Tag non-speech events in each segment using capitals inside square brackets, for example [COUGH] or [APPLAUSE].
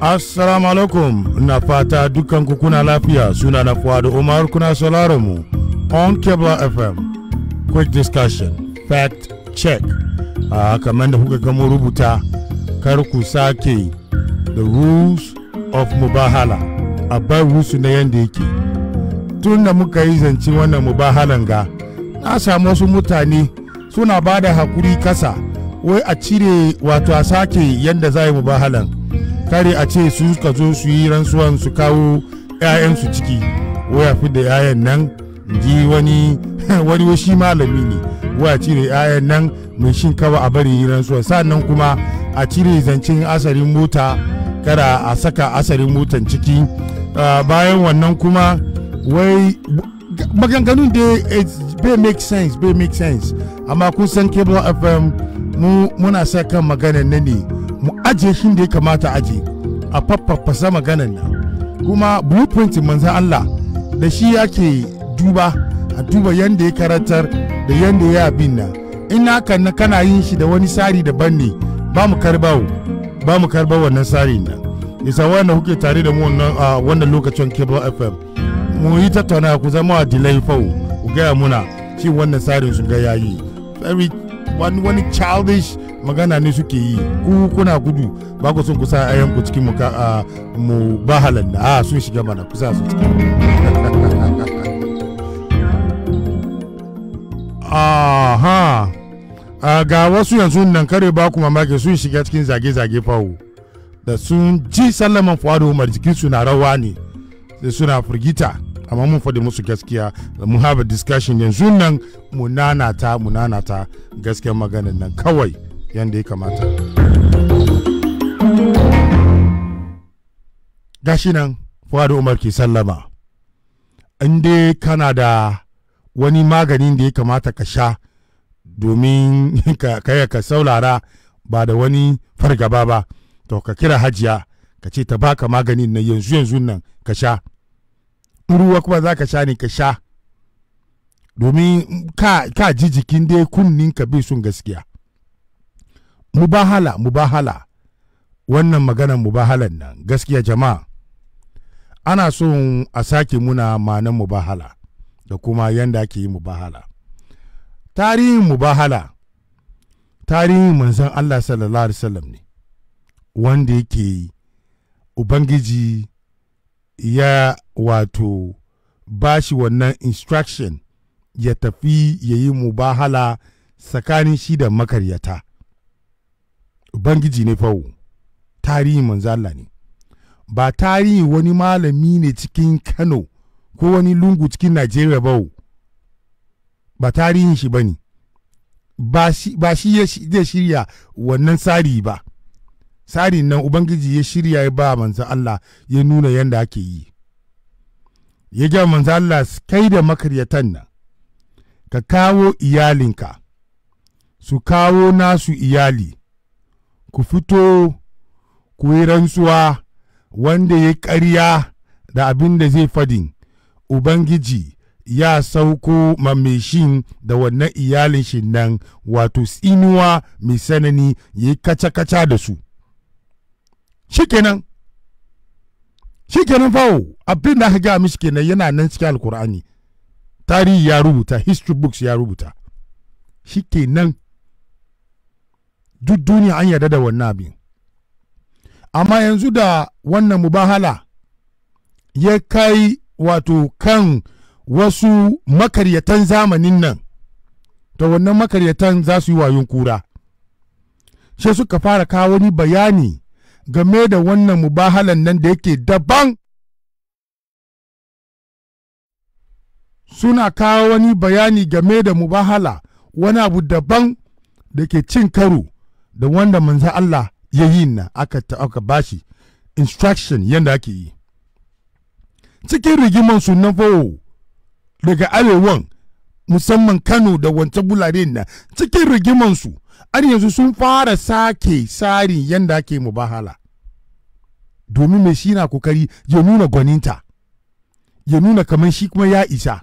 Assalamu alaikum na fata dukkan kukuna kuna lafiya suna na Fuadu Umar kuna sauraron mu on Kebla FM quick discussion fact check a ah, kamar da kuka gamo rubuta kar ku sake the rules of mubahala a bar rusu na yanda yake tun da muka yi zance wannan mubahalan ga na samu wasu mutane suna ba da hakuri kasa wai a cire wato a sake yadda za yi mubahalan kare a ce su ka zo su yi rantsuwan su kawo 'ya'yansu ciki waya fi da 'ya'yan nan ji wani [LAUGHS] wani washi malami ne waya cire 'ya'yan nan mai kawo a bari yi rantsuwan sannan kuma a cire zancen asarin mota kada a saka asarin motan ciki bayan wannan kuma wai maganganun da bai make sense bai make sense amma kun san cable fm muna sa kan maganan na ne mu ajiye shi da ya kamata aje a faffafasa maganan nan kuma blueprint manzan Allah da shi yake duba a duba yadda ya karantar da yadda ya abin nan ina kan na kana yin shi da wani tsari daban ne ba mu karbawo ba mu karbawo wannan tsarin nan isa wanda kuke tare da mu wannan wannan lokacin cable fm mu yi tattauna ku zama delay fau ku gaya muna shi wannan tsarin su ga yayi very wani wani childish magana ne suke yi ku kuna gudu ba ku sun kusa ayan ku cikin muka mu ba a sun shiga mana kusa su cikin [LAUGHS] aha ga wasu yanzu nan kare ba ku mamaki sun shiga cikin zage-zage fawo da sun ji sallaman fuwado umar jikin su na rawa ne da suna firgita amma mun faɗi musu gaskiya mun haɓa discussion yanzu nan mu ta mu ta gaskiyar maganin nan kawai yadda ya kamata gashi nan umar ke sallama in dai kana da wani maganin da ya kamata ka sha domin [LAUGHS] ka ka saulara ba da wani fargaba ba to ka kira hajiya ka ce ta baka maganin na yanzu yanzu nan ka sha ruwa kuma za ka sha ne ka sha domin ka, ka ji jikin dai kunnin ka bai sun gaskiya mubahala mubahala wannan maganar mubahalan nan gaskiya jama'a ana son a sake muna manan mubahala da kuma yanda ake yi mubahala tarihin mubahala tarihin manzan Allah sallallahu alaihi wasallam ne wanda yake ubangiji ya wato shi wannan instruction ya tafi ya yi mubahala tsakanin shi da makaryata ubangiji ne fawo tarihi manzo ne ba tarihi wani malami ne cikin Kano ko wani lungu cikin Najeriya ba ba tarihin shi bane ba shi ya shirya wannan tsari ba tsari nan ubangiji ya shirya ya ba manzo Allah ya nuna yadda ake yi ya ga manzo Allah kai da makaryatan nan ka kawo iyalinka su kawo nasu iyali ku fito ku yi rantsuwa wanda ya karya da abin da zai fadin ubangiji ya sauko mameshin da wannan iyalin shi nan wato tsinuwa mai sanani ya yi kaca-kaca da su shikenan shikenan fawo abin da aka gaya mishi kenan yana nan cikin alkur'ani tarihi ya rubuta history books ya rubuta shikenan duk duniya an yarda da wannan abin amma yanzu da wannan mubahala ya kai wato kan wasu makaryatan zamanin nan to wannan makaryatan za su yi wayon kura sai suka fara kawo wani bayani game da wannan mubahalan nan da yake daban suna kawo wani bayani game da mubahala wani abu daban da ke cin karo da wanda manzan Allah ya yi na aka aka bashi instruction yadda ake yi cikin rigiman sunan na daga arewan musamman kano da wancan bulare na cikin rigiman su an yanzu sun fara sake tsarin yadda ake mubahala domin mai shi na kokari ya nuna gwaninta ya nuna kamar shi kuma ya isa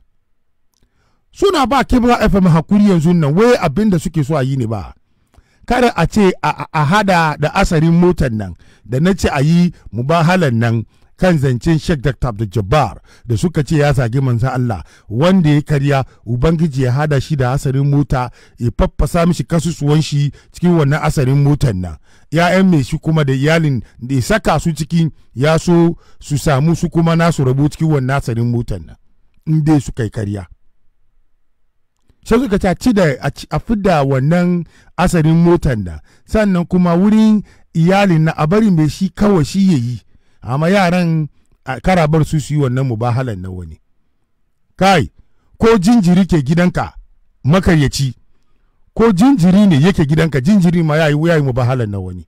suna ba kebla fm hakuri yanzu nan wai abin da suke so a yi ne ba kada a ce a hada da asarin motan nan da na ce a yi mu mubahalan nan kan zancen Sheikh Dr. Abdul Jabbar da suka ce ya zagi manzan Allah wanda ya karya Ubangiji ya hada shi da asarin mota ya faffasa mishi kasusuwan shi cikin wannan asarin motar nan. ‘Ya'yan mai shi kuma da iyalin da saka su cikin ya so su samu su kuma nasu rabu cikin wannan asarin motan nan. In dai suka yi karya. sai suka ce a ci da a fidda wannan asalin motar da sannan kuma wurin iyalin na a bari mai shi kawai shi ya yi amma yaran karabar su su yi wannan mubahalan na wani kai ko jinjiri ke gidanka makaryaci ko jinjiri ne yake gidanka jinjiri ma ya yi mu ba mubahalan na wani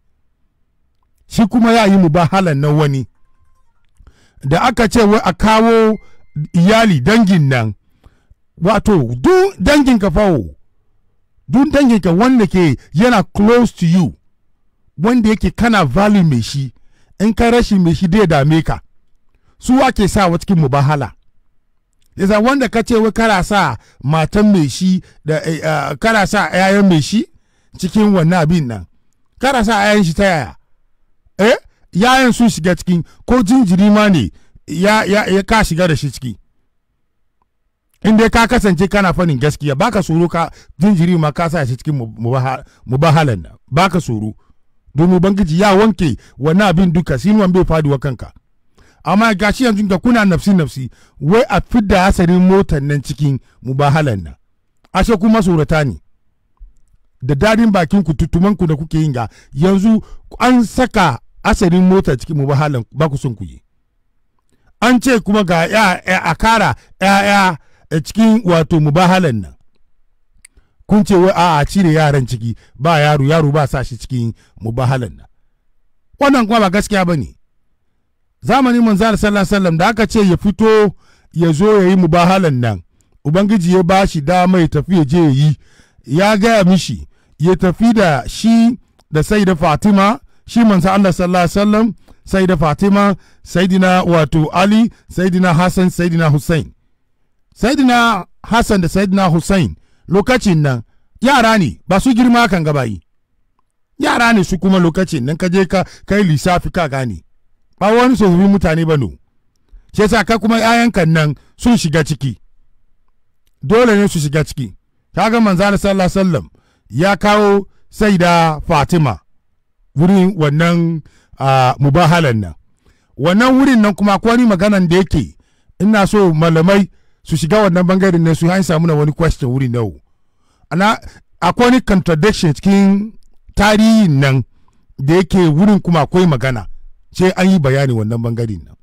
shi kuma ya yi mubahalan na wani da aka ce wai a kawo iyali dangin nan wato duk danginka fawo duk danginka wanda ke yana close to you wanda yake kana value mai shi in ka rashin mai shi dai dame ka su wake sa wa cikin mubahala yasa wanda ka ce wai kana sa matan mai shi da eh, eh, sa yayan mai shi cikin wannan abin nan kana sa yayan shi ta yaya eh yayan sun shiga cikin ko jinjiri ma ne ya ka shiga da shi ciki in dai ka kasance kana fanin gaskiya baka tsoro ka jinjiri ma ka sa shi cikin mubahalan nan baka tsoro domin ubangiji ya wanke wannan abin duka sinuwan bai faduwa kanka amma gashi yanzu da kuna nafsi nafsi wai a fidda asarin motar nan cikin mubahalan nan ashe kuma tsorata ne da dadin bakin ku ku da kuke yin ga yanzu an saka asarin mota cikin mubahalan ba ku son ku yi an ce kuma ga ya a kara ya ya a cikin wato mubahalan nan kun ce wai a'a cire yaran ciki ba yaro yaro ba sa shi cikin mubahalan nan wannan kuma ba gaskiya ba ne zamanin manzan sallallahu sallam da aka ce ya fito ya zo ya yi mubahalan nan ubangiji ya ba shi dama ya tafi ya je ya yi ya gaya mishi ya tafi da shi da sai da fatima shi manzo allah sallallahu alaihi sai da fatima saidina wato ali saidina hassan saidina hussein Saidina Hassan da Saidina Hussein lokacin nan yara ne ba su girma kan gaba yi Yara ne su kuma lokacin nan ka je ka kai lissafi ka gane. Ba wani tsofaffin mutane ba no. Shi yasa ka kuma yayankan nan sun shiga ciki. Dole ne su shiga ciki. Kaga manza sallallahu wasallam ya kawo saida Fatima wurin wannan mubahalan nan. Wannan wurin nan kuma akwai maganan da yake ina so malamai su shiga wannan bangaren ne su an samu na wani question wuri nau ana akwai wani contradiction cikin tarihin nan da yake wurin kuma akwai magana sai an yi bayani wannan bangaren nan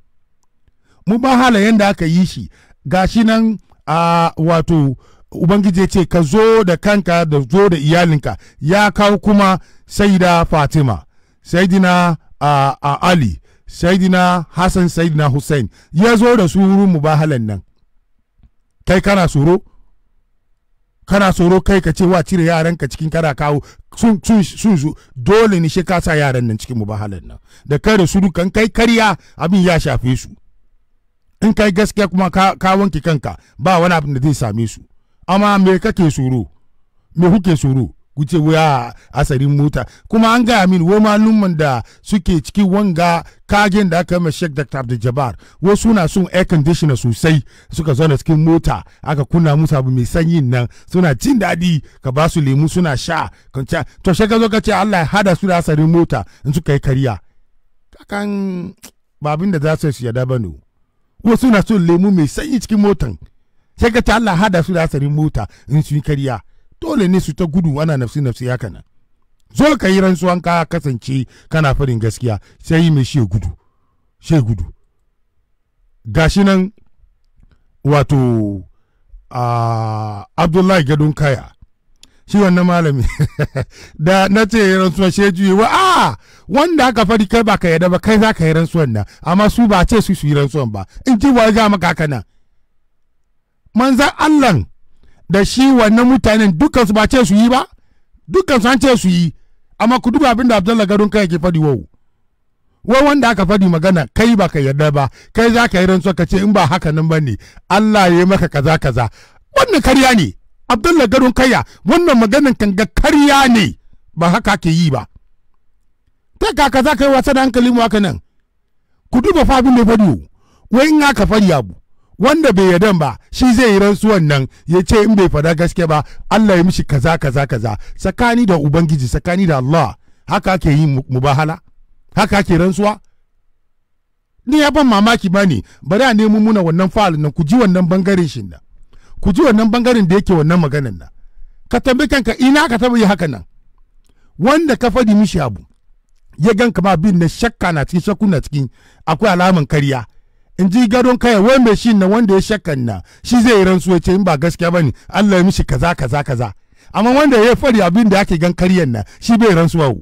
mu ba halayen da aka yi shi gashi nan a wato ubangiji ce ka zo da kanka da zo da iyalinka ya kawo kuma saida fatima saidina ali saidina hassan saidina hussein ya zo da su wurin mu ba mubahalan nan kai kana tsoro kana tsoro kai ka ce wa cire yaran ka cikin kana kawo sun su dole ne shi ka sa yaran nan cikin mubahalan nan da kai da su dukan kai karya abin ya shafe su in kai gaskiya kuma ka, wanke kanka ba wani abin da zai same su amma me kake tsoro me kuke tsoro wuce wuya a asarin mota kuma an gaya min wo malumman da suke cikin wanga kagen da aka mai shek dr abdul jabbar wasu na sun air conditioner sosai suka zauna cikin mota aka kunna musu abu mai sanyi nan suna jin daɗi ka ba su lemu suna sha kwanciya to shi ka zo ka ce allah ya hada su da asarin mota in suka yi kariya kakan ba da za su yada ba ne wasu na son lemu mai sanyi cikin motan sai ka ce allah hada su da asarin mota in su yi kariya dole ne su ta gudu ana nafsi nafsi haka nan zo ka yi rantsuwan ka kasance kana farin gaskiya sai yi mai shi gudu shi gudu gashi nan wato uh, abdullahi gadon kaya shi wannan malami [LAUGHS] da na ce yi rantsuwa shi juye wa a wanda aka fari kai ba ka yarda ba kai za ka yi rantsuwan nan amma su ba ce su su yi rantsuwan ba in ji wa ga maka haka nan manzan allah da shi wannan mutanen dukkan su ba ce su yi ba dukkan su an ce su yi amma ku duba abin da Abdullahi Garun kai yake fadi wau wai wanda aka fadi magana kai ba ka yarda ba kai za ka yi rantsuwa ka ce in ba haka nan bane Allah ya yi maka kaza kaza wannan karya ne Abdullahi garun kai wannan maganan kan ga karya ne ba haka ke yi ba ta kaka kaza ka yi wasa da hankali mu haka nan ku duba fa abin da ya fadi wai in aka fadi abu wanda bai yarda ba shi zai yi rantsuwan nan ya ce in bai fada gaske ba Allah ya mishi kaza kaza kaza tsakani da ubangiji tsakani da Allah haka ake yi mubahala haka ake rantsuwa ni ya ban mamaki ba ne bari a nemo muna wannan fa'al nan ku ji wannan bangaren shin da ku ji wannan bangaren da yake wannan maganan nan ka tambayi kanka ina ka taba yi haka nan wanda ka fadi mishi abu ya gan kama bin na shakka na cikin shakku na cikin akwai alaman karya in ji gadon kaya wai mai shi na wanda ya shakka na shi zai yi rantsuwa ce in ba gaskiya bane Allah ya mishi kaza kaza kaza amma wanda ya fari abin da ake gan karyan na shi bai rantsuwa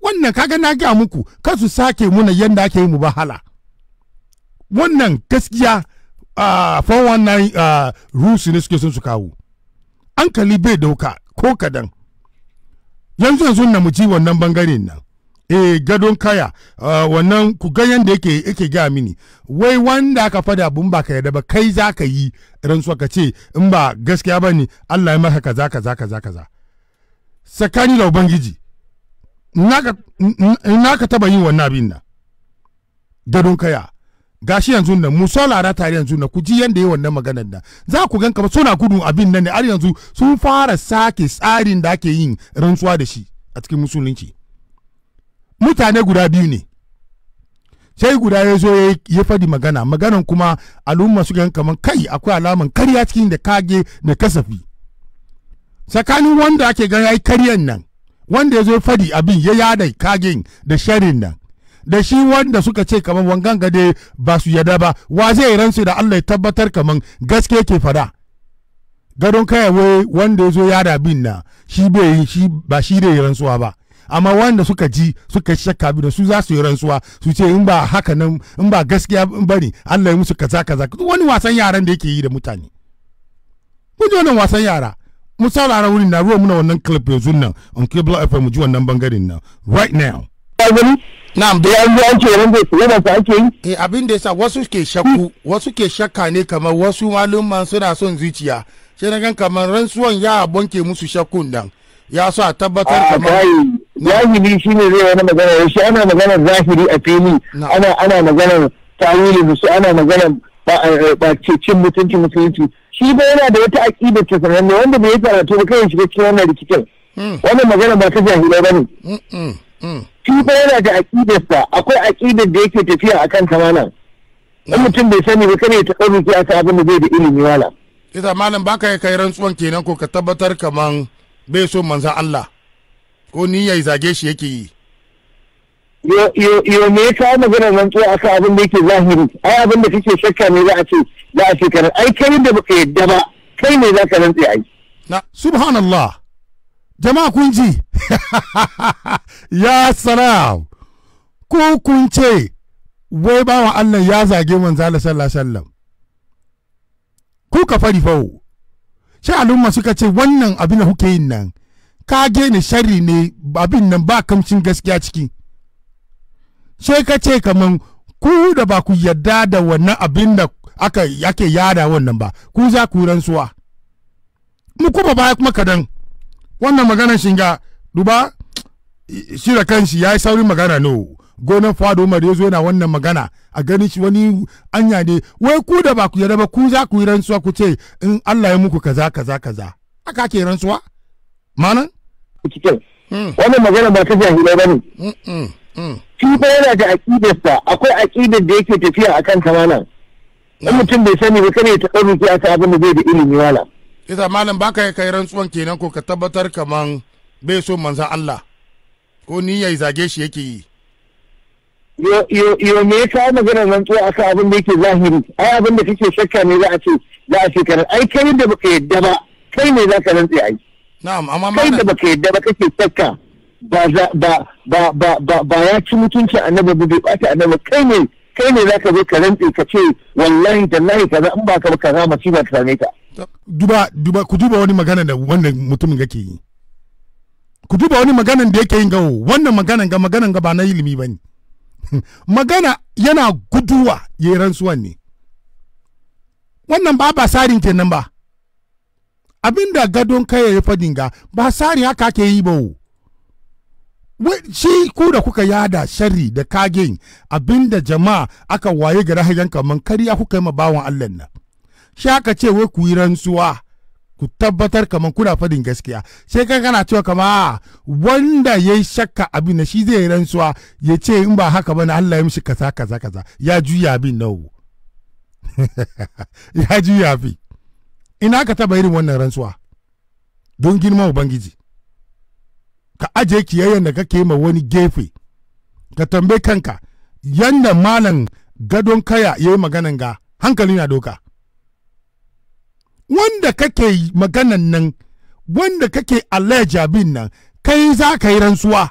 wannan kaga na ga muku kar su sake muna yanda ake yi mu bahala wannan gaskiya a uh, 419 uh, ne suke sun su kawo hankali bai dauka ko kadan yanzu yanzu na mu ji wannan bangaren nan E gadon kaya uh, wannan ku ga yanda yake yake ga mini wai wanda aka fada bun ba ka yarda ba kai za ka yi rantsuwa ka ce in ba gaskiya ba ne Allah ya maka kaza kaza kaza kaza sakani da ubangiji ina ka taba yin wannan abin nan gadon kaya gashi yanzu nan mu saurara tare yanzu nan ku ji yanda yi wannan maganar da za ku gan ba suna gudun abin nan ne har yanzu sun fara sake tsarin da ake yin rantsuwa da shi a cikin musulunci mutane guda biyu ne sai guda ya zo ya faɗi magana maganan kuma al'umma su gan kamar kai akwai alaman karya cikin da kage da kasafi tsakanin wanda ake gan yayi karyan nan wanda ya zo faɗi abin ya yada kagen da sharin nan da shi wanda suka ce kamar wangan gade ba su yada ba wa zai ransu da Allah ya tabbatar kamar gaske ke fada gadon kayawai wanda ya zo yada bin na shi bai shi ba shi da rantsuwa ba amma wanda suka ji suka shakka bi da su za su yi rantsuwa su ce in ba haka nan in ba gaskiya bane Allah ya musu kaza kaza wani wasan yaran da yake yi da mutane mun ji wannan wasan yara mu saurara wurin na ruwa muna wannan clip yanzu nan on cable FM mu ji wannan bangaren nan right now Na'am da yanzu an ce wanda da su ake yi. Eh abin da yasa wasu ke shakku, wasu ke shakka ne kamar wasu malumman suna son zuciya. Sai na gan kamar rantsuwan ya bonke musu shakkun nan. ya so a tabbatar kamar zahiri shi ne zai wani magana shi ana magana zahiri a fili ana ana maganar tawili su ana magana ba eh, eh, cin mutunci musulunci shi ba yana da wata aƙida ta sananne wanda bai karatu ba kai shiga cikin wannan rikicin hmm. wannan magana ba ta jahilai ba ne hmm, hmm, shi ba yana da sa akwai aƙidar da yake tafiya akan kamana in mutum bai sani ba kare ta ɗauki a abin da zai da ilimi wala. Ita malam baka yi kai rantsuwan kenan ko ka tabbatar kaman bai so manzan Allah ko ni ya zage shi yake yi yo me yasa magana rantsuwa aka abin da yake zahiri ai abin da kake shakka ne za a ce za a ce ai kai da baka yadda ba kai ne za ka rantsi ai na subhanallah jama'a kun ji [LAUGHS] ya salam ko kun ce wai bawan Allah ya zage manzo Allah sallallahu alaihi wasallam ku ka fari fawo sai al'umma suka ce wannan abin da kuke yin nan ka ne sharri ne abin nan ba kamcin gaskiya ciki sai ka ce kaman ku da ba ku yarda da wannan abin da aka yake yada wannan ba ku za ku rantsuwa mu kuma baya kuma kadan wannan maganar shinga duba shi da kanshi ya yi saurin magana no gonan fado umar ya zo yana wannan magana a ganin shi wani anya ne wai ku da ba ku yarda ba ku za ku yi rantsuwa ku ce in Allah ya muku kaza kaza kaza aka ke rantsuwa manan hmm. wannan magana ba ta jahila ba ne hmm, hmm, shi ba yana da aƙidarsa akwai aƙidar da yake tafiya akan kamana in mutum bai sani ba kada ya taɓa rufe a abin da bai da ilimi wala isa malam baka ya kai rantsuwan kenan ko ka tabbatar kaman bai so manzan Allah ko ni ya zage shi yake yi yo me ya kawo maganar rantsuwa a kan abin da yake zahiri ai abin da kake shakka ne za a ce za a ce ai kai da baka yadda ba kai ne za ka rantse ai kai da baka yadda ba kake shakka ba ba ba ba ba ya ci mutunci annabi ba bai bata annabi kai ne kai ne za ka zo ka rantse ka ce wallahi tallahi kaza in ba ka ba kaza ba ta same ka duba duba ku duba wani magana da wannan mutumin ke yi ku duba wani magana da yake yin gawo wannan magana ga magana ga ba na ilimi bane magana yana guduwa ya yi rantsuwan ne wannan ba ba sarin kenan ba abin da gadon kai ya fadin ga ba sarin haka ake yi ba shi ku da kuka yada shari da kagen abin da jama'a aka waye ga hayan kamar kariya kuka yi ma bawan allah na shi aka ce wai ku yi rantsuwa ku tabbatar kamar kuna fadin gaskiya sai kai kana cewa kama wanda ya yi shakka abin na shi zai yi rantsuwa ya ce in ba haka bane Allah ya mishi kaza kaza kaza ya juya abin nawo [LAUGHS] ya juya abin ina ka taba irin wannan rantsuwa don girman ubangiji ka aje kiyayen da kake ma wani gefe ka tambaye kanka yanda malam gadon kaya ya yi maganan ga hankali na doka wanda kake maganan nan wanda kake alleja bin nan kai za ka yi rantsuwa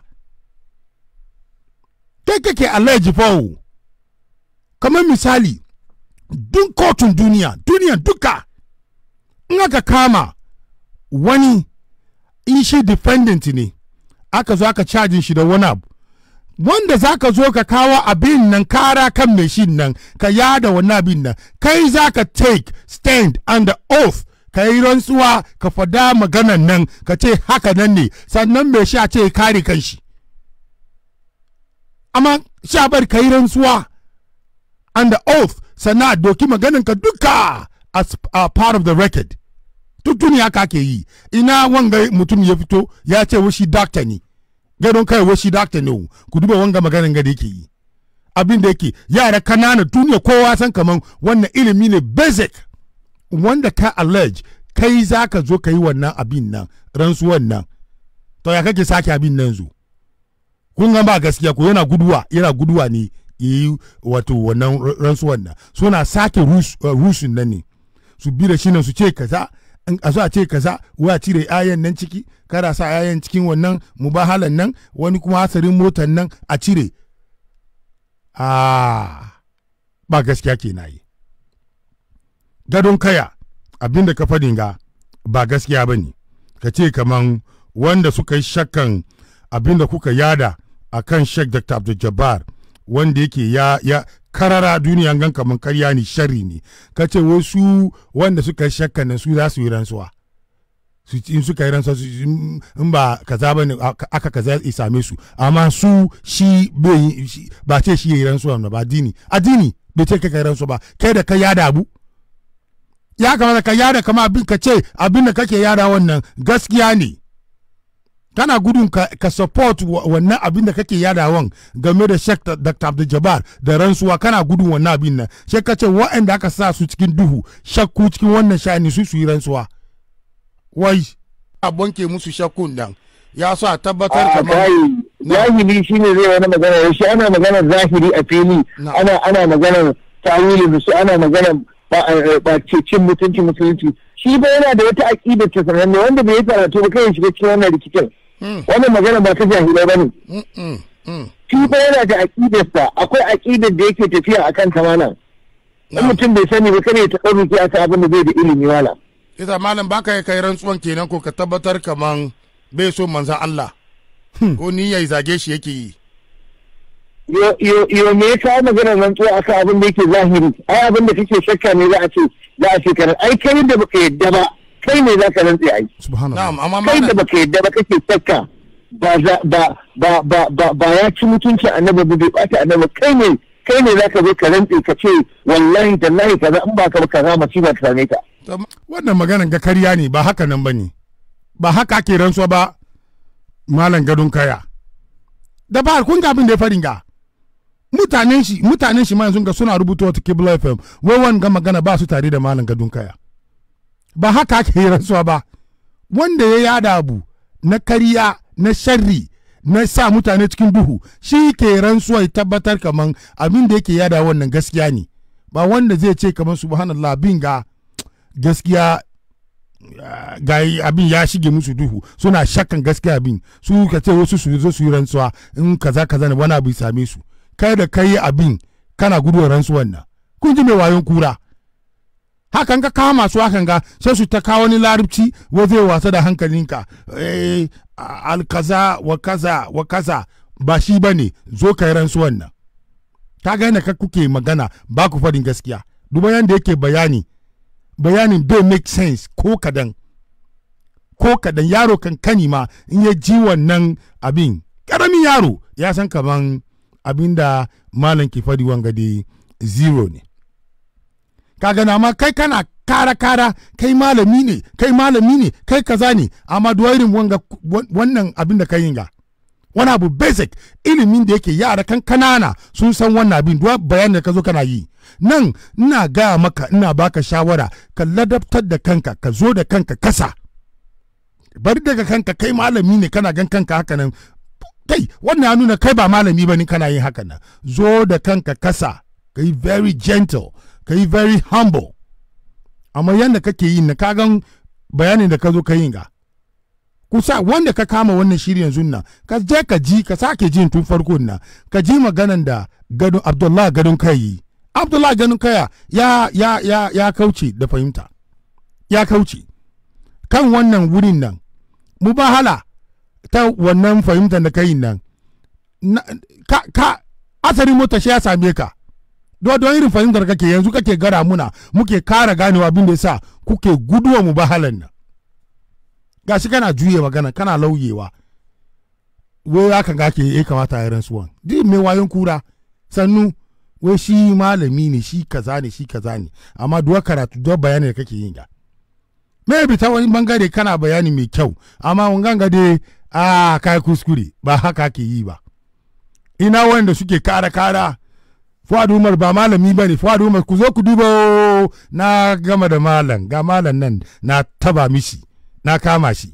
kai kake alleji fawo kamar misali duk kotun duniya duniya duka in aka kama wani in shi defendant ne aka zo aka cajin shi da wani abu wanda za ka zo ka kawo abin nan kara kan mai nan ka yada wannan abin nan kai za ka take stand under oath ka yi rantsuwa ka fada maganan nan ka ce haka nan ne sannan mai sha ce kare kan shi amma shabar ka yi rantsuwa under oath sannan a doki maganan ka duka as a part of the record duk duniya ka ke yi ina wanga mutum ya fito ya ce wushi doctor ne gadon kai wai shi dakta ne ku duba wanga maganin ga da yake yi abin da yake yara kanana duniya kowa san kaman wannan ilimi ne basic wanda ka allege kai za ka zo ka yi wannan abin nan ransuwan nan to ya kake sake abin nan zo kun ga ba gaskiya ko yana guduwa yana guduwa ne yi wato wannan ransuwan nan suna sake eh, rusun nan ne su bi da shi nan su ce kaza a zo a ce kaza wai a cire ayan nan ciki kada sa ayan cikin wannan mubahalan nan wani kuma hasarin motar nan a cire a ba gaskiya ke na yi gadon kaya abinda ka faɗi ga ba gaskiya bane ne ka ce kaman wanda suka yi shakkan abinda kuka yada a kan sheikh dr abdul jabbar wanda yake ya karara duniya gan kamar karya ne shari ne ka ce wasu wanda suka shakka nan su za su yi rantsuwa su in suka yi rantsuwa in ba kaza ba ne aka kaza ya same su amma su shi ba ce shi ya yi rantsuwa ba addini addini bai ce ka yi rantsuwa ba kai da ka yada abu ya kamata ka yada kama abin ka ce abin da kake yada wannan gaskiya ne tana gudun ka, ka support wannan abin da kake yadawan game da Sheikh Dr. Abdul Jabbar da rantsuwa kana gudun wannan abin nan sai ka ce wa'anda aka sa su cikin duhu shakku cikin wannan sha'ani su su yi rantsuwa wai abon ke musu shakkun nan ya sa tabbatar kamar zahiri shine zai wani magana shi ana magana zahiri a fili ana ana magana tawili su ana magana ba eh, eh, cin mutunci musulunci shi ba yana da wata aƙidar ta ne wanda bai yi karatu ba kai shiga cikin wannan rikicin wannan magana ba ta jahila ba ne mm. shi yana da aƙidarsa akwai aƙidar da yake tafiya a kan tamanan Wani mutum bai sani ba kare ya taɓa ki a abin da zai da ilimi wala ita malam baka ya kai rantsuwan kenan ko ka tabbatar kaman bai so manzan Allah hmm. ko ni ya zage shi yake yi yo me ya kawo maganar rantsuwa a kan abin da yake zahiri ai abin da kake shakka ne za a ce za a ce ai kai da baka yadda ba kai ne za ka rantse a yi kai da baka yadda ba kake saka ba ya ci mutunci annabi ba bai bata annabi kai ne kai ne za ka zo ka rantse ka ce wallahi da lahi kaza in ba ka ba kaza mace ba ta same ta. wannan maganan ga karya ne ba haka nan bane ba haka ake rantsuwa ba malam gadon kaya da ba kun ga abin da ya farin ga mutanen shi mutanen shi ma yanzu ga suna rubuta wata kibla fm wai wani ga magana ba su tare da malam gadon kaya ba haka ake yi rantsuwa ba wanda ya yada abu na kariya na sharri na sa mutane cikin duhu shi ke rantsuwa ya tabbatar kaman abin da yake yada wannan gaskiya ne ba wanda zai ce kaman subhanallah bin ga gaskiya ga abin ya shige musu duhu suna shakkan gaskiya abin su ka ce wasu su zo su yi rantsuwa in kaza kaza ne wani abu ya same su kai da kai abin kana guduwar rantsuwan nan kun ji mai wayon kura hakan ka kawo masu hakan ga sai su ta kawo wani larabci wa zai wasa da hankalinka eh alkaza wa kaza wa kaza ba shi bane zo kai rantsuwan nan ka ga ka kuke magana ba ku faɗin gaskiya duba yanda yake bayani bayanin bai make sense ko kadan ko kadan yaro kan kani ma in ya ji wannan abin karamin yaro ya san kaman abin da malam ke faɗi wanga zero ne ka na ma kai kana kara kara kai malami ne kai malami ne kai kaza ne amma duwairin wannan abin da ka yi ga wani abu basic ilimin da yake yara kan kanana sun san wannan abin duwa bayanin da ka zo kana yi nan ina gaya maka ina baka shawara ka ladabtar da kanka ka zo da kanka kasa bari daga kanka kai malami ne kana gan kanka haka nan kai wannan ya nuna kai ba malami ba ne kana yin haka nan zo da kanka kasa kai very gentle ka yi very humble amma yadda kake yi na kagan bayanin da ka zo ka yi ga kusa wanda ka kama wannan shiri yanzu na ka je ka ji ka sake jin tun farko na ka ji maganan da gado abdullahi gadon kai abdullahi gadon kaya ya ya ya ya kauce da fahimta ya kauce kan wannan wurin nan mu ba hala ta wannan fahimtar da kai nan ka, ka asarin mota shi ya same ka don irin fahimtar kake yanzu kake gara muna muke kara ganewa abin da yasa kuke guduwa mu bahalan nan gashi kana juye magana kana lauyewa wai ya kan gake ya kamata ya wan di mai wayon kura sannu wai shi malami ne shi kaza ne shi kaza ne amma duwa karatu duwa bayani da kake yin ga me bi ta wani bangare kana bayani mai kyau amma wanganga dai a ah, kai kuskure ba haka ke yi ba ina wanda suke kara kara Fuad Umar ba malami ba ne Fuad Umar ku zo ku duba na gama da malam ga malam nan na taba mishi na kama shi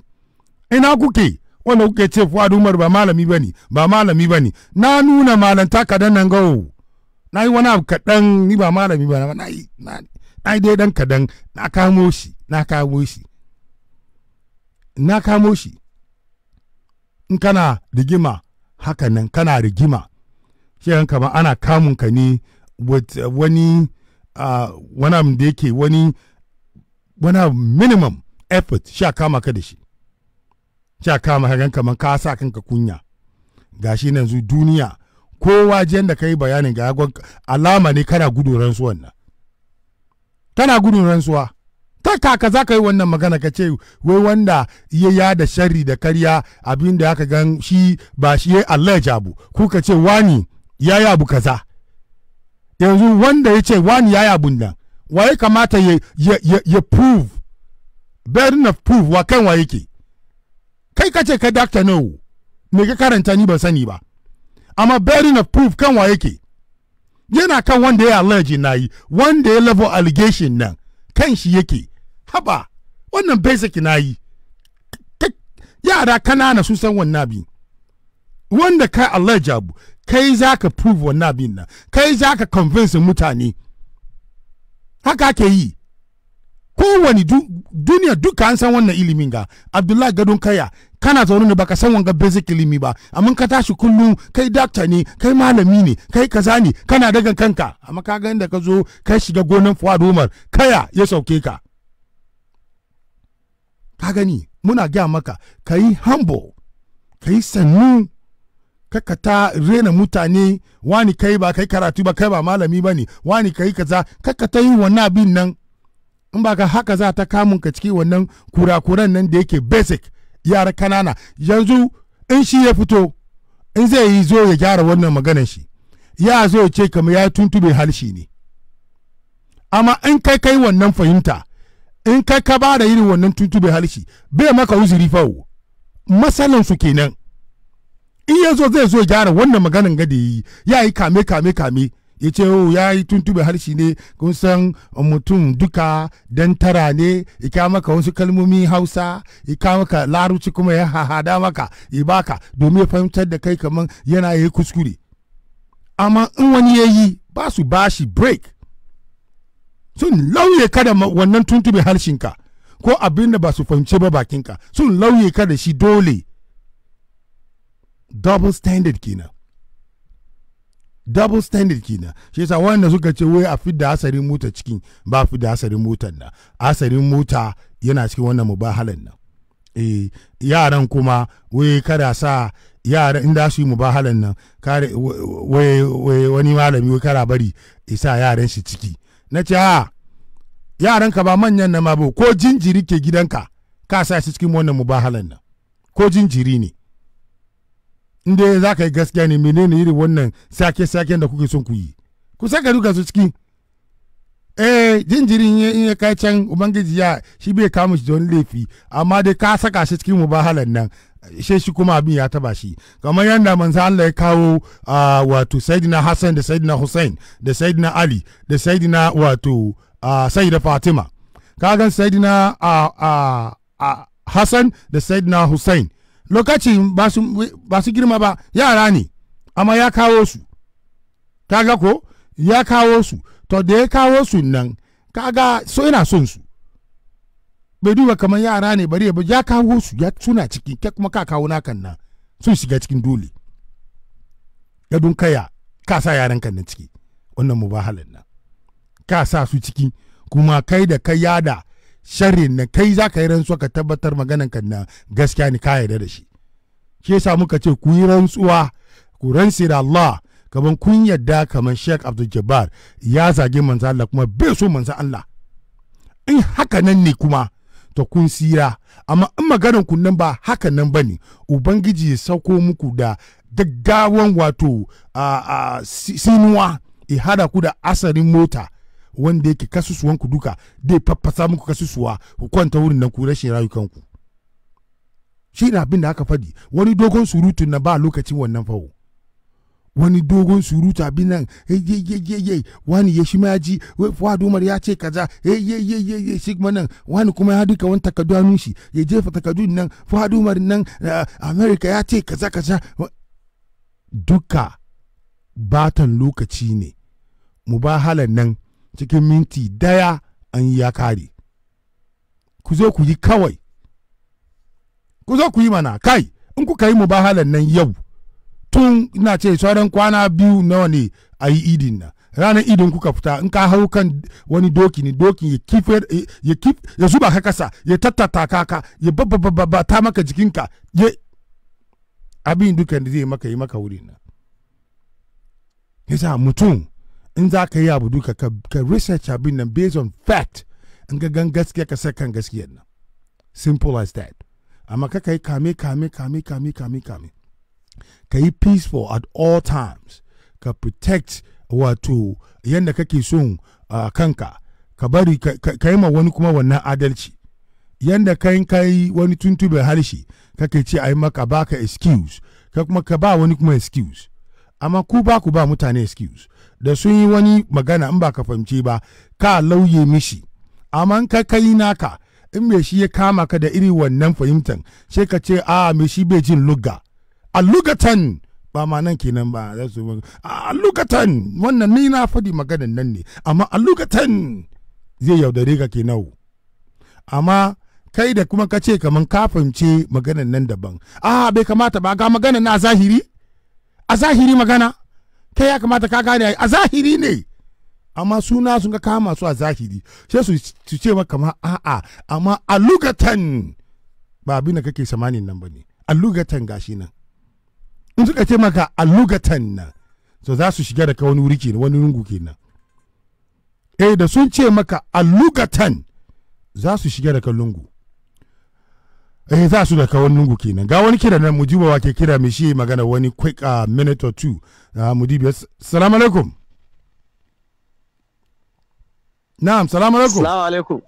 ina kuke wanda kuke ce Fuad Umar ba malami ba ne ba malami ba ne na nuna malanta kadan nan gawo na yi wani abu kaɗan ni ba malami ba na yi na yi dai dan kadan na kamo shi na kamo shi na kamo shi in kana rigima haka nan kana rigima shi kamar ana kamun ka ne uh, wani uh, wani abu da yake wani wani minimum effort sha kama ka da shi sha kama hagan kamar ka sa kanka kunya shi nan zu duniya kowa jiyan da kai bayanin ga alama ne kana gudun rantsuwan nan kana gudun rantsuwa ta kaka za ka yi wannan magana ka ce wai wanda ya yada sharri da karya abin da aka gan shi ba shi ya Allah bu jabu ku ka ce wani ya yi abu kaza yanzu wanda ya ce wani ya yi abun nan waye kamata ya ya ya, ya prove burden of proof wa kan waye ke kai kace ka doctor no me ka karanta ni ban sani ba amma burden of proof kan waye ke. yana kan wanda ya allege na yi wanda ya level allegation nan kan shi yake haba wannan basic na yi yara kanana su san wannan abin wanda ka allege abu kai za ka prove wannan abin nan kai za ka convince mutane haka ake yi kowane duniya duka an san wannan ilimin ga abdullahi gadon kaya kana zaune ne baka san wanga basic ilimi ba amma ka tashi kullum kai doctor ne kai malami ne kai kaza ne kana dagan kanka amma ka ga inda ka zo kai shiga gonan fuad umar kaya ya sauke ka ka gani muna gaya maka ka yi humble ka yi sannu kaka ta rena mutane wani kai ba kai karatu ba kai ba malami ba ne wani kai kaza kaka ta yi wannan abin nan in ba ka haka za ta kamun ka ciki wannan kurakuran nan da yake basic yara kanana yanzu in shi ya fito in zai yi zo ya gyara wannan maganar shi ya zo ya ce kamar ya tuntube halshi ne amma in kai kai wannan fahimta in kai ka ba da irin wannan tuntube halshi bai maka uzuri fawo matsalan su kenan in ya zo zai zo gyara wannan maganin ga da yi ya yi kame kame kame ya ce oh ya yi tuntube harshe ne kun san mutum duka dan tara ne ya maka wasu kalmomi hausa ya maka laruci kuma ya hada maka ya baka domin ya fahimtar da kai kamar yana yi kuskure amma in wani ya yi ba su bashi break sun lauye kada wannan tuntube harshenka ko abin da ba su fahimce ba bakinka sun lauye kada shi dole double standard kenan double standard kenan shi yasa wanda suka ce wai a fidda asarin mota cikin ba fidda asarin motar nan asarin mota yana cikin wannan mubahalan nan eh yaran kuma wai kada sa yaran inda su yi mubahalan nan kare wai wani malami wai kara bari isa yaran shi ciki na ce ha yaran ka ba manyan na ma ko jinjiri ke gidanka ka sa shi cikin wannan mubahalan nan ko jinjiri ne inda za ka yi gaskiya ne ne irin wannan sake sake da kuke son ku yi ku ka duka su ciki eh jinjirin in ya kai can ubangiji ya shi bai kama shi don laifi amma dai ka saka shi cikin mubahalan nan she shi kuma abin ya taba shi kamar yadda manzo Allah ya kawo wato sayyidina Hassan da sayyidina Hussein da sayyidina Ali da sayyidina wato sayyida Fatima kagan sayyidina Hassan da sayyidina Hussein lokacin ba su girma ba yara ne amma ya kawo su kaga ko ya kawo su to da ya kawo su nan kaga so ina son su bai duba kamar yara ne bari ya kawo su ya suna ciki ke kuma ka kawo nakan nan sun shiga cikin dole ya dun kaya ka sa yaran kan nan ciki wannan mu halin nan ka sa su ciki kuma kai da kai yada sharrin nan kai za ka yi rantsuwa ka tabbatar maganan kan na gaskiya ne ka yarda da shi shi sa muka ce ku yi rantsuwa ku rantsi da Allah kaman kun yarda kaman Sheikh Abdul Jabbar ya zage manzo Allah kuma bai so manzo Allah in haka nan ne kuma ta kun sira amma in maganan kun nan ba haka nan bane ubangiji ya sauko muku da gaggawan wato a sinuwa ya hada ku da asarin mota wanda yake kasusuwanku duka dai faffasa muku kasusuwa ku kwanta wurin nan ku rashin rayukanku shi na abin da aka faɗi wani dogon surutu na ba lokacin wannan fawo wani dogon surutu abin nan wani ya shi ma ya ji umar ya ce kaza shi kuma nan wani kuma ya duka wani takardu hannun shi ya jefa takardun nan fuad umar nan eh, america ya ce kaza kaza duka batan lokaci ne mu ba halar nan cikin minti daya an yi ya kare ku zo ku yi kawai ku zo ku yi mana kai in kuka yi mubahalan nan yau tun ina ce sauran kwana biyu nawa ne a yi idin na ranar idin kuka fita in ka hau kan wani doki ne doki ya kife ya kif zuba ka kasa ya tattata ka ya babba ta maka jikinka ya abin dukan da zai maka yi maka wurin nan yasa mutum in za ka yi abu duka ka research abin nan based on fact in ga gan gaskiya ka sa kan gaskiyar nan simple as that amma ka yi kame kame kame kame kame kame ka yi peaceful at all times ka protect wato yadda kake son kanka ka bari ka yi ma wani kuma wannan adalci yadda kai kai wani tuntube harshe kake ce ai maka baka excuse ka kuma ka ba wani kuma excuse amma ku ba ku ba mutane excuse da sun yi wani magana in ba ka fahimci ba ka lauye mishi amma ka kai naka in me shi ya kama ka da iri wannan fahimtan sai ka ce a ah, me shi bai jin lugga a lugatan ba ma nan kenan ba za su a lugatan wannan ni na fadi maganan nan ne amma a lugatan zai yaudare ka kenan amma kai da kuma ka ce kaman ka fahimce maganan nan daban a ah, bai kamata ba ga magana na zahiri a zahiri magana kai ya kamata ka gane a zahiri ne amma suna sun ga kama su a zahiri sai su ce maka ma a'a amma a lugatan ba abin da kake samanin nan ba ne a lugatan gashi nan in suka ce maka a lugatan nan so za su shiga da ka wani wuri wani rungu kenan eh da sun ce maka a lugatan za su shiga da ka lungu eh za su da kawon nungu kenan ga wani kira nan mujiba wa ke kira mai shi magana wani quick a ah, minute or two uh, ah, mujiba salamu alaikum na'am salamu alaikum salamu alaikum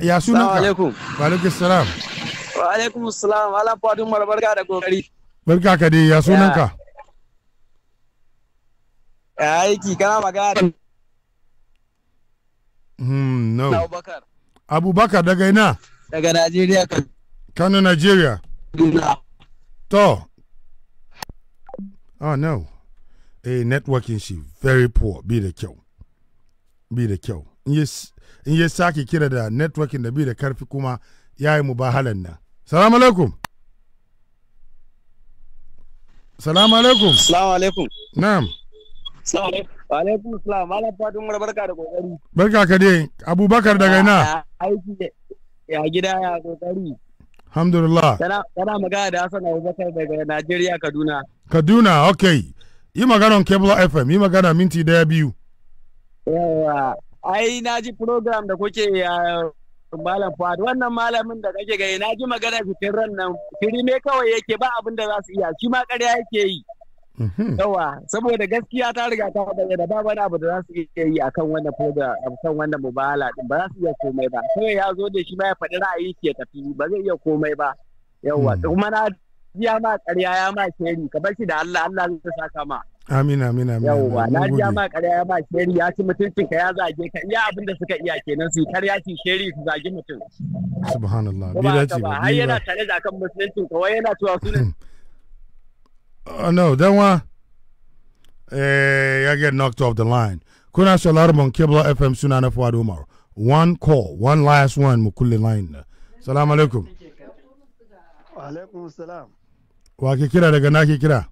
ya sunan ka alaikum wa alaikum salam wa alaikum salam ala fadin barka da kokari barka ka dai ya sunan ka ya aiki kana magana hmm no abubakar abubakar daga ina daga najeriya kan Kano, Nigeria. Kaduna. To. Oh, no. Eh, hey, shi very poor. Bi da kyau. Bi da kyau. In ya sake kira da networking da bi da karfi kuma ya yi mubahalan nan. Salamu alaikum. Salamu alaikum. Salamu alaikum. Na'am. Salamu alaikum. Wa alaikum salam. Malam Fatima wani barka da kokari. Barka ka dai. Abubakar daga ina. Aiki ya gida ya kokari. Alhamdulillah. Tana magana da Hassan Abubakar daga Najeriya Kaduna. Kaduna, ok. Yi maganan Cable FM, yi magana minti daya biyu. Yawa, ai na ji program da kuke ah, Malam fadu wannan malamin da kake gani na ji magana fitin ran nan, firi ne kawai yake ba abin da za su iya, shi ma ƙarya yake yi. Mm-hmm. Yawa, saboda gaskiya ta riga ta bayyana da babu abu da za su iya yi kan wannan program kan wannan mubala din ba za su iya komai ba. Sai ya zo da shi ma ya faɗi ra'ayi ke tafi ba zai iya komai ba. Yawa, mm. kuma na jiya ma ƙarya ya ma sheri ka bar shi da Allah Allah zai saka ma. Amin amin amin. Yawa, na jiya ma ƙarya ya ma sheri ya ci mutuncin ka ya zage ka iya abin da suka iya kenan su karya ci sheri su zage mutum. Subhanallah. Ba ba har yana tare da kan musuluncin ka wai yana cewa sunan [CLEARS THROAT] Oh, no, that one, Hey, eh, I get knocked off the line. Kuna salamu on Kibla FM Sunana Fuad Umar. One call, one last one, Mukuli line. Salam alaikum. Alaikum salam. Wa ke kira daga na kira?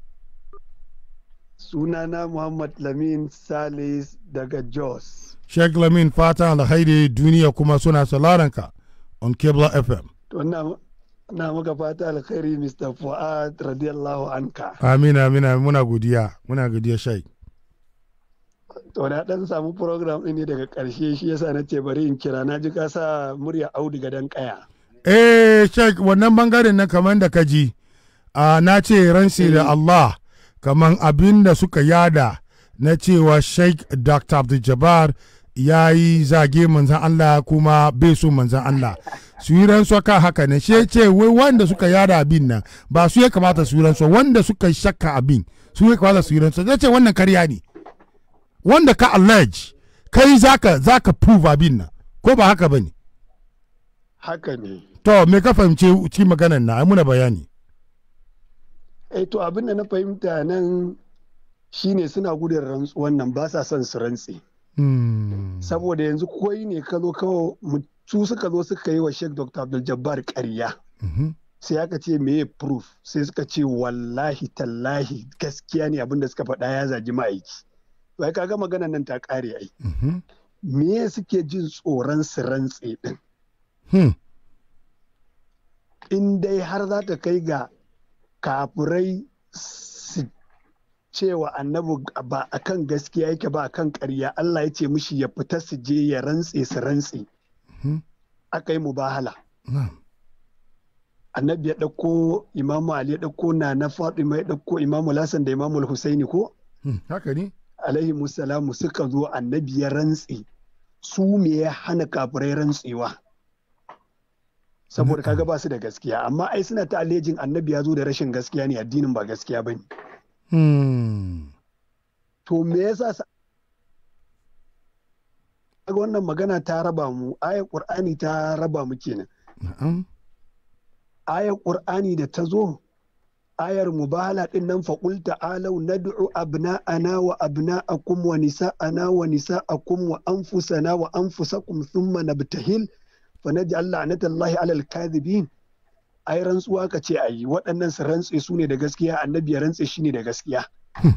Sunana Muhammad Lamin Salis daga Jos. Sheikh Lamin fata alhaidi duniya kuma suna salaranka on Kibla FM. na muka fata alkhairi Mr. Fuad radiyallahu anka. Amina amina muna godiya muna godiya shai. To na dan samu program ɗin ne daga karshe shi yasa na ce bari in kira na ji ka murya Audu gadan kaya. Eh sheikh wannan bangaren na kamar da kaji. A na ce ransi da eh. Allah kamar abin da suka yada na cewa Sheikh Dr. Abdul Jabbar ya yi zage manzan Allah kuma bai so manzan Allah. su yi rantsuwa kan haka ne shi ce wai wanda suka yada abin nan ba su ya kamata su yi rantsuwa wanda suka shakka abin su ya kamata su yi rantsuwa zai ce wannan karya ne wanda ka allege kai zaka zaka prove abin nan ko ba haka bane haka ne to me ka fahimce ci maganan na muna bayani eh to abin da na fahimta nan shine suna gudun rantsuwan nan ba sa son su rantse hmm. saboda yanzu koyi ne ka zo kawo su suka zo suka yi wa Sheikh Dr. Abdul Jabbar ƙarya. Mhm. Sai aka ce meye proof sai suka ce wallahi tallahi gaskiya ne abinda suka faɗa ya zaji ma'aiki. ya kaga maganan nan ta ƙare ai. Mhm. Me suke jin tsoron su rantse ɗin? Hmm. In dai har za ta kai ga kafurai su cewa annabi ba akan gaskiya yake ba a kan ƙarya Allah ya ce mishi ya fita su je ya rantse su rantse Hmm? aka yi mubahala annabi ya ɗauko imamu ali ya ɗauko na na fatima ya ɗauko imamu lasan da imamu husaini ko hmm, haka ne Alayhi musalamu suka zo annabi ya rantse su me ya hana kafirai rantsewa saboda kaga ba su da gaskiya amma ai suna ta alejin annabi ya zo da rashin gaskiya ne addinin ba gaskiya ba ne hmm. to me yasa su ga wannan magana ta raba mu ayar qur'ani ta raba mu kenan ayar qur'ani da ta zo ayar mubahala din nan faƙul ta'alau nad'u abna'ana wa abna'akum wa nisa'ana wa nisa'akum wa anfusana wa anfusakum thumma nabtahil fa naj'al tallahi 'alal kadhibin ai rantsuwa ka ce ayi waɗannan su rantse su ne da gaskiya annabi ya rantse shi ne da gaskiya hmm.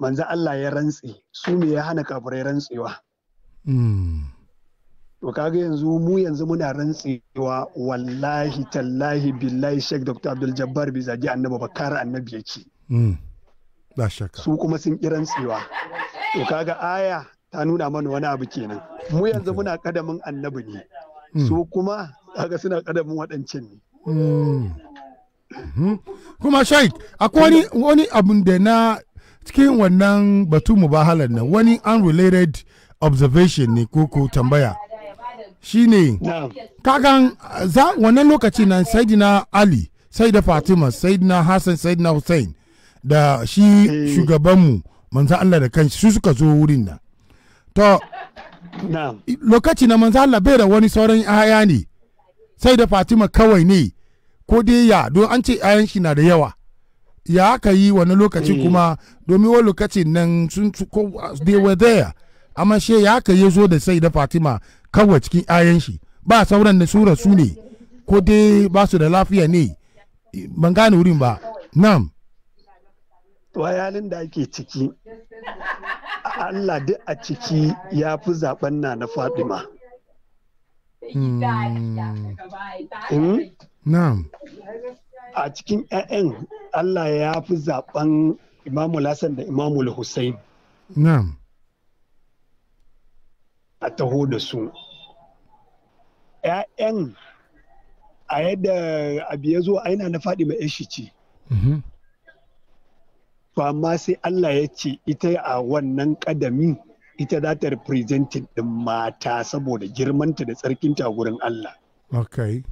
manzo Allah ya rantse su ne ya hana kafirai rantsewa to kaga yanzu mu yanzu muna rantsewa wallahi tallahi billahi sheikh dr abdul jabbar bi zagi annabi bakar annabi yake mm. ba shakka su kuma sun ki rantsewa to kaga aya ta nuna mana wani abu kenan mu yanzu muna kadamin annabi ne mm. su kuma kaga suna kadamin waɗancan ne mm. mm-hmm. kuma Sheikh akwai wani abun da na cikin wannan batu mubahalar nan wani unrelated observation ne ko ko tambaya shine kagan za wannan lokaci na saidina ali saida fatima saidina hassan saidina hussein da shi eh. shugabanmu manzan allah da kanshi su suka zo wurin nan to lokaci na manzan allah bai da wani sauran 'ya'ya ne sai da fatima kawai ne ko dai ya don an ce 'ya'yan shi na da yawa ya aka yi wani lokaci eh. kuma domin wani lokacin nan sun they were there amma she ya ka ya zo da sai da fatima kawai cikin 'ya'yan shi ba sauran da sura su ne ko dai ba su da lafiya ne ban gane wurin ba nam halin da ake ciki Allah duk a ciki ya fi zaben na na Fatima. Hmm. Hmm? nam A cikin 'ya'yan Allah ya fi zaben imamul Hassan da imamul Hussein. a taho da su ‘ya'yan a yadda abu ya zo aina na faɗi mai shi ce mhm. to amma sai Allah ya ce ita a wannan ƙadamin ita za ta representin ɗin mata saboda girmanta da tsarkinta wurin Allah. Okay.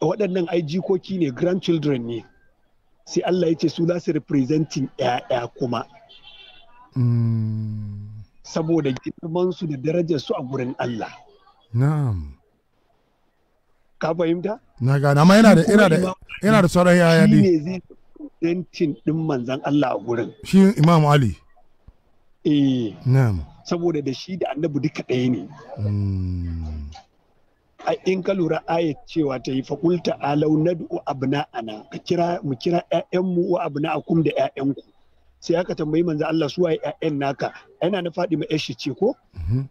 waɗannan ai jikoki ne grandchildren ne sai Allah ya ce su za su representin ‘ya'ya kuma. Mm. saboda girmansu da darajar su a gurin Allah. Na'am. Ka fahimta? Na gane, amma yana da yana da yana da sauran yaya ne. Shi ne zai din manzan Allah a gurin. Shi Imam Ali. Eh. Na'am. Saboda da shi da annabi duka ɗaya ne. Hmm. Ai in ka lura ayat cewa ta yi fakulta alau nad'u ana, ka kira mu kira ƴaƴanmu wa akum da ƴaƴanku. sai aka tambayi manzo Allah su waye ƴaƴan naka yana na Fadima ma shi ce ko mhm.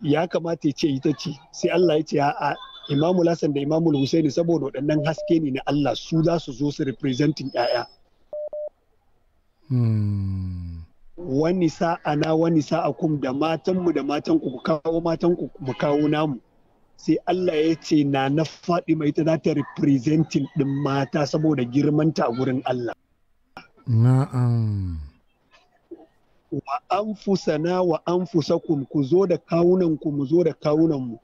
ya kamata ya ce ita ce sai Allah ya ce a Imamul Hassan da Imamul Husaini saboda waɗannan haske ne na Allah su za su zo su representing ƴaƴa hmm. wani sa'a na wani sa'a kum da matan mu da matan ku kawo matan ku mu kawo namu sai Allah ya ce na na faɗi mai ta za ta representing ɗin mata saboda girmanta a gurin Allah. Na'am. Wa fusana wa an anfusakum ku zo da kawunan ku mu zo da kawunan mu.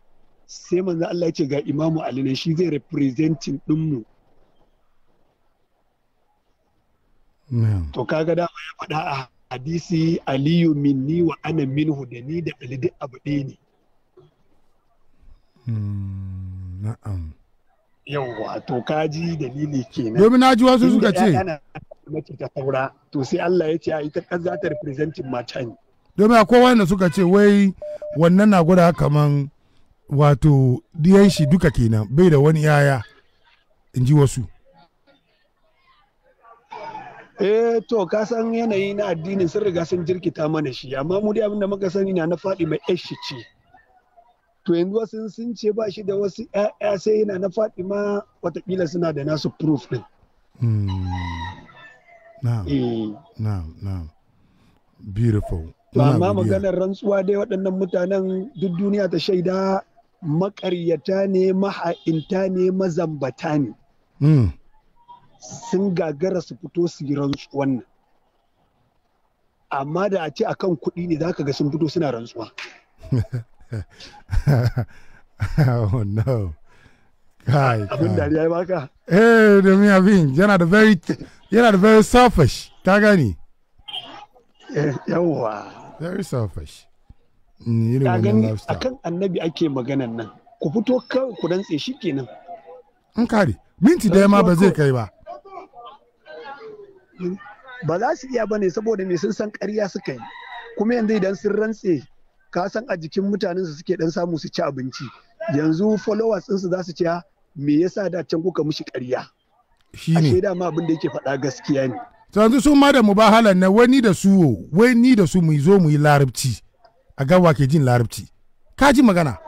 Sai manzo Allah ya ce ga Imamu Ali ne shi zai representin din mu. To kaga da ya faɗa a hadisi Aliyu minni wa ana minhu da ni da Ali duk abu ɗaya ne. Hmm, na'am. Yawwa to kaji dalili kenan. Domin na ji wasu suka ce. mace ta saura to sai Allah ya ce a ita ƙasa za ta representing mata ne domin a kowa wanda suka ce wai wannan na gwada kaman wato diyan shi duka kenan bai da wani yaya in ji wasu eh to ka san yanayi na addini sun riga sun jirkita mana shi amma mu dai abinda muka sani na na faɗi mai yashi ce to yanzu wasu sun ce ba shi da wasu ƴaƴa sai yana na faɗi ma watakila suna da nasu proof din hmm. Eh. na'am na'am beautiful to amma maganar rantsuwa dai waɗannan mutanen duk duniya ta shaida maƙaryata ne maha'inta ne mazambata ne hmm. sun gagara su fito su yi rantsuwan nan amma da a ce akan kuɗi ne za ka ga sun fito suna rantsuwa [LAUGHS] oh no kai abin dariya ya baka eh domin abin yana da very yana da very selfish ta gani eh, yawwa very selfish mm, irin wannan lifestyle akan annabi ake maganan nan ku fito kawai ku dantse shi kenan an kare minti daya ma ba zai kai ba ba za su iya bane saboda me sun san ƙarya suka yi kuma yanzu idan sun rantse ka san a jikin mutanen su suke dan samu su ci abinci yanzu followers din su za su ce me yasa da can kuka mushi ƙarya a ma abin da yake faɗa gaskiya ne yanzu sun ma da mubahala na wani da su wani da su mu zo mu yi larabci a gawa ke jin larabci ka ji magana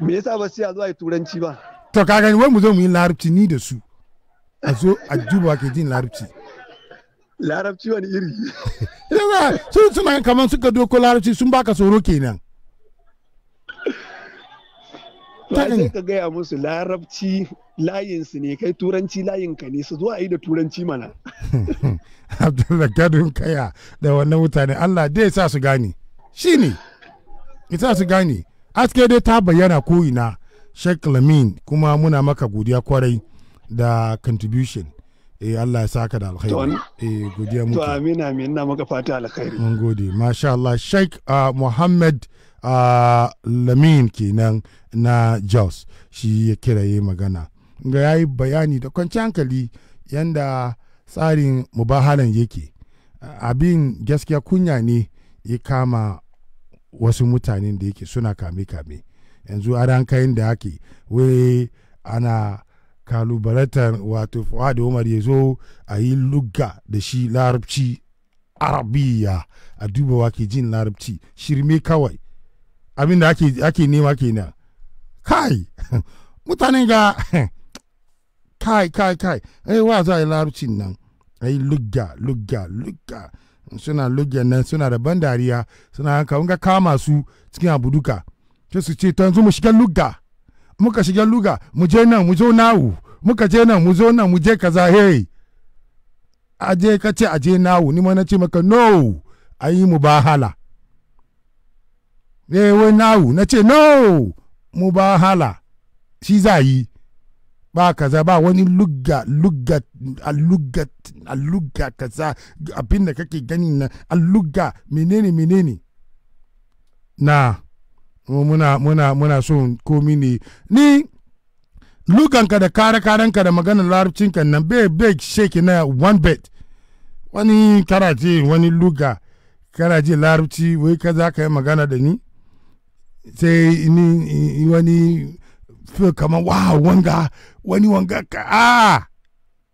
me yasa ba sai a zo a yi turanci ba to ka gani wai mu zo mu yi larabci ni da su a zo a duba ke jin larabci larabci wani iri [LAUGHS] sun suna kamar suka doko larabci sun baka tsoro kenan sai ka gaya musu larabci layinsu ne kai turanci layinka ne su zuwa yi da turanci mana [LAUGHS] Abdullahi gadon kaya da wannan mutane allah dai sa su gane shi ne ita su gane aske dai ta bayyana ko'ina sheikh lamin kuma muna maka godiya kwarai da contribution E Allah ya saka da alkhairi E godiya muku to amina amina maka fata alkhairi mun gode masha Allah Sheikh ah, Muhammad a lamin kenan na jos shi ya kiraye magana ga ya yi bayani da kwanci hankali yanda tsarin mubahalan yake abin gaskiya kunya ne ya kama wasu mutanen da yake suna kame-kame yanzu a rankayin kayan da ake wai ana kalubalatar wato fuad umar ya zo a yi lugga da shi larabci arabiya a duba ke jin larabci shirme kawai abin da ake nema kenan kai [LAUGHS] mutanen ga [LAUGHS] kai kai kai ai wa za a yi larucin nan ai lugga lugga lugga suna lugga nan suna da ban dariya suna hanka ga kama su cikin abu duka sai su ce ta yanzu mu shiga lugga muka shiga lugga mu je nan mu zo nawu muka je nan mu zo nan mu je kaza hey aje ka ce aje nawu ni ma na ce maka no ayi mu bahala ewe eh, nawu na ce no mu ba hala shi za yi ba kaza ba wani lugga lugga allugga allugga kaza abin da kake gani na allugga menene menene na muna muna muna so komi ne ni ka da kare karenka da maganar larabcinka nan bai bai shake na one bet wani karaje wani luga karaje larabci wai kaza ka yi magana da ni sai ni wani wa wanga wani wanga ka a ah,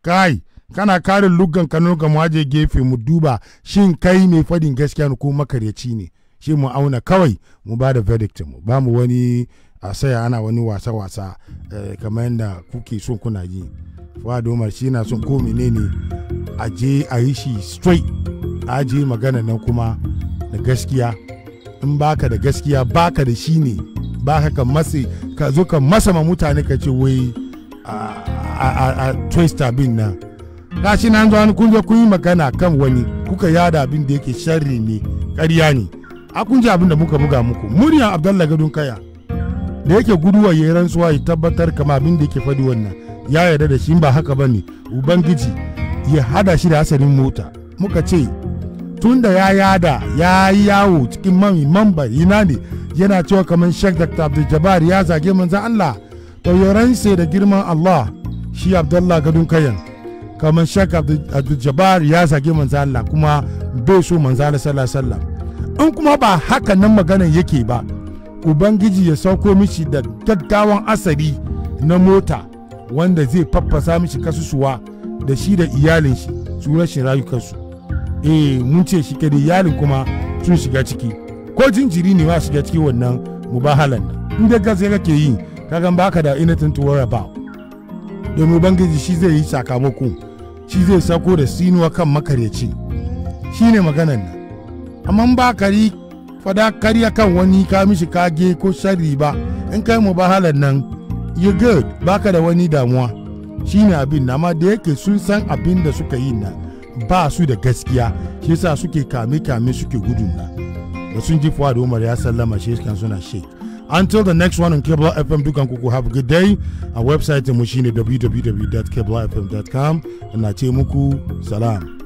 kai kana karin lugan kano ga waje gefe mu duba shin kai mai fadin gaskiya ne ko makaryaci ne shi mu auna kawai mu ba da verdict mu ba mu wani a saya ana wani wasa-wasa eh, kamar yadda kuke so kuna yi wa doma shi na son ko menene a je a yi shi straight a magana nan kuma da gaskiya in baka da gaskiya baka da shi ne baka ka matse ka zo ka masa ma mutane ka ce wai a twista bin na gashi na zuwa kun je kun yi magana kan wani kuka yada abin da yake sharri ne ƙarya ne a kun ji abin da muka buga muku murya abdalla gadon kaya da yake guduwa ya rantsuwa ya tabbatar kama abin da yake faɗi wannan ya yarda da shi ba haka ba ne ubangiji ya hada shi da asalin mota muka ce tun da ya yada ya yi yawo cikin mami mamba ina ne yana cewa kamar sheikh dr abdul ya zage manzan allah to da girman allah shi abdullah gadon kayan kamar sheikh abdul ya zage manzan allah kuma bai so manzan allah sallallahu in kuma ba haka nan maganar yake ba ubangiji ya sauko mishi da gaggawan asali na mota wanda zai faffasa mishi kasusuwa da shi da iyalin shi su rashin rayukansu eh mun ce shi kadai iyalin kuma sun shiga ciki ko jinjiri ne ma shiga ciki wannan mubahalan nan in da gaske kake yi kagan baka da anything to worry about domin ubangiji shi zai yi sakamako shi zai sako da sinuwa kan makaryaci shi ne maganan nan amma ba kari fada karya kan wani ka mishi kage ko sharri ba in kai mu bahalan nan you good baka da wani damuwa shine abin amma da yake sun san abin da suka yi nan ba su da gaskiya shi yasa suke kame kame suke gudun na da sun ji fuwa da umar ya sallama shi kan suna shek until the next one on cable fm dukan kuku have a good day a website mu shine www.cablefm.com ina ce muku salam